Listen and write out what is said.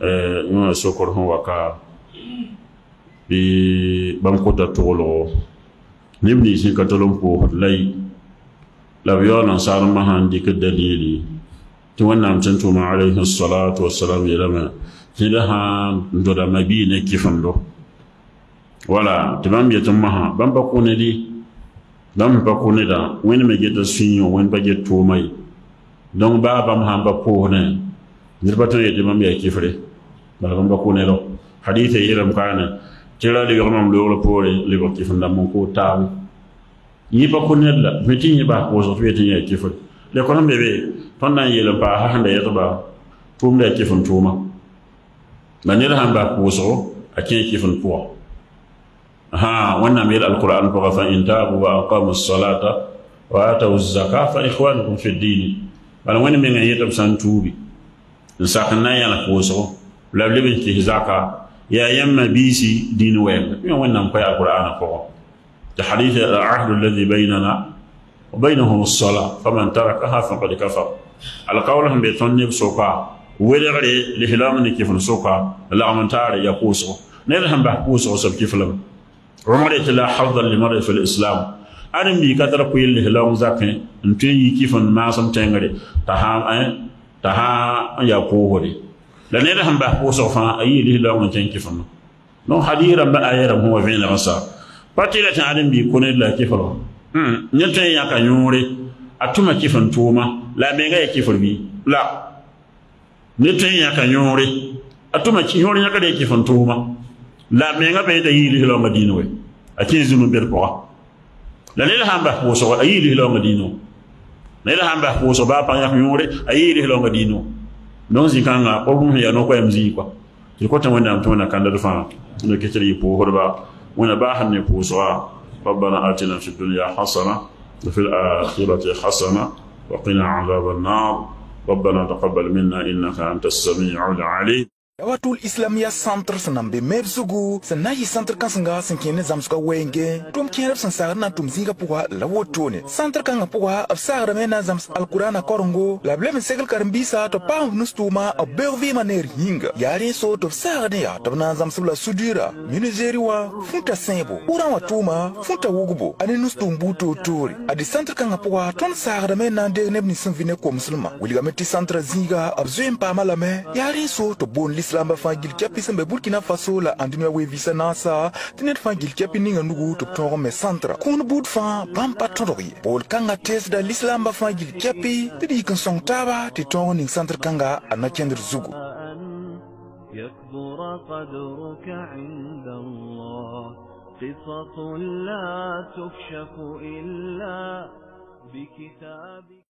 ŋa sokor hon waka bi bankota togologo nim ni sin ka tolon po lai lab yo nan sar mahan dik dalili ti wannan tun tuma alaihi salatu wassalam yelama ti da ha do da mabi ne kifan do wala ti ban bam tun maha ban ba kone di ban ba kone da wani me geta sinyo wani ba get tumai don ba ban han ba po ne nirbato ye dimam ya kifre balgam ba kune lo hadithe yiram kana tira li yomam lo lo pore li ba kifnda mon ko taw yi ba kune la meti yi ba ko so fete ya kifre le kono be be ton nan yele ba ha handa ya ba tum da kifun tuma manir han ba ko so ake kifun puwa ha wannan mai alquran ko fa in tabu wa aqamu as-salata wa atu az-zakata fa ikhwanukum fi ad-din bal wani men yeta san tubi sak n na n yãlk wʋsgo la b leb n kɩs zaka yaa yãmbã biisi dĩin wɛɛngã yõ wẽnnaam pa yaa alqur'ana pʋgẽ tɩ hadith alahdu alladhi bainana wa bainahum sala faman tarakaha faqad kafar alkawl sẽn be tõnd neb soka welgre lislaam ne kɩfn soka lagm n taare yaa pʋʋsgo ned sẽn bas pʋʋsgo sb kɩflame rõmre tɩ la hafda limare fi lislam ãdn bɩ ka tara pʋɩl lislaam zakẽ n tõe n yi kɩfn maasem tẽngre t'a sãn ta ha hmm, ya kohore da ne da han ba ko sofa ayi li la mun tanki fama non hadira ba ayara mu wa vena masa patira ta adam bi ko ne la kifaro hmm nyata ya ka yore atuma kifan tuma la me ga kifar bi la nyata ya ka yore atuma ki yore ya ka da kifan tuma la me ga be da yi li la madina we akin zunubir ko la ne da han ba ko sofa ayi li la madina ne hamba ko ba panya yure ayiri lo ngadino don zikanga ko hum ya no ko emzi kwa tilkota mtu amtona kanda dufa no kichele ipo horba wana ba hanne po so ربنا آتنا في الدنيا حسنة وفي الآخرة حسنة وقنا عذاب النار ربنا تقبل منا إنك أنت السميع العليم yawatul islamia centre sẽn na n be meb zugu sẽn na n yɩ centre kãsenga sẽn kẽer ne zãmsgã wɛɛngẽ tʋm kẽer b sẽn sagr na tʋm zĩigã pʋga la wotone centre kãngã pʋga b sagrame na zãms alkurana korengo la b leb n segl karen-biisã tɩ b paam b nustʋʋma b beog vɩɩmã neer yĩnga yaa rẽ-so tɩ b sagd n yaa tɩ b na n zãmsb la sudurã minigeri wã fũta sẽebo pʋgrã wã tʋʋma fũta wugbo a ne nustʋʋm buud-toor-toore a dɩ centre kãngã pʋga tõnd sagrame na n deeg neb nins n vɩ ne komslmã wilgame tɩ centra zĩiga b zoeen paamã lame yaa rẽ-so tɩ boon islamba fãa gil kapi sẽn be burkina faso la andi dũniyã weevisa naasa tɩ ned fãa gil kɛpi ninga nugu tɩ b tõog me centra kũun buud fãa bãmb pa tõdg ye bool-kãngã teesda ba fãa gil kɛpi tɩ d yik n sõng taaba tɩ tõog ning santra kãnga a nakẽndr zugu يكبر قدرك عند الله قصص لا تكشف إلا بكتابك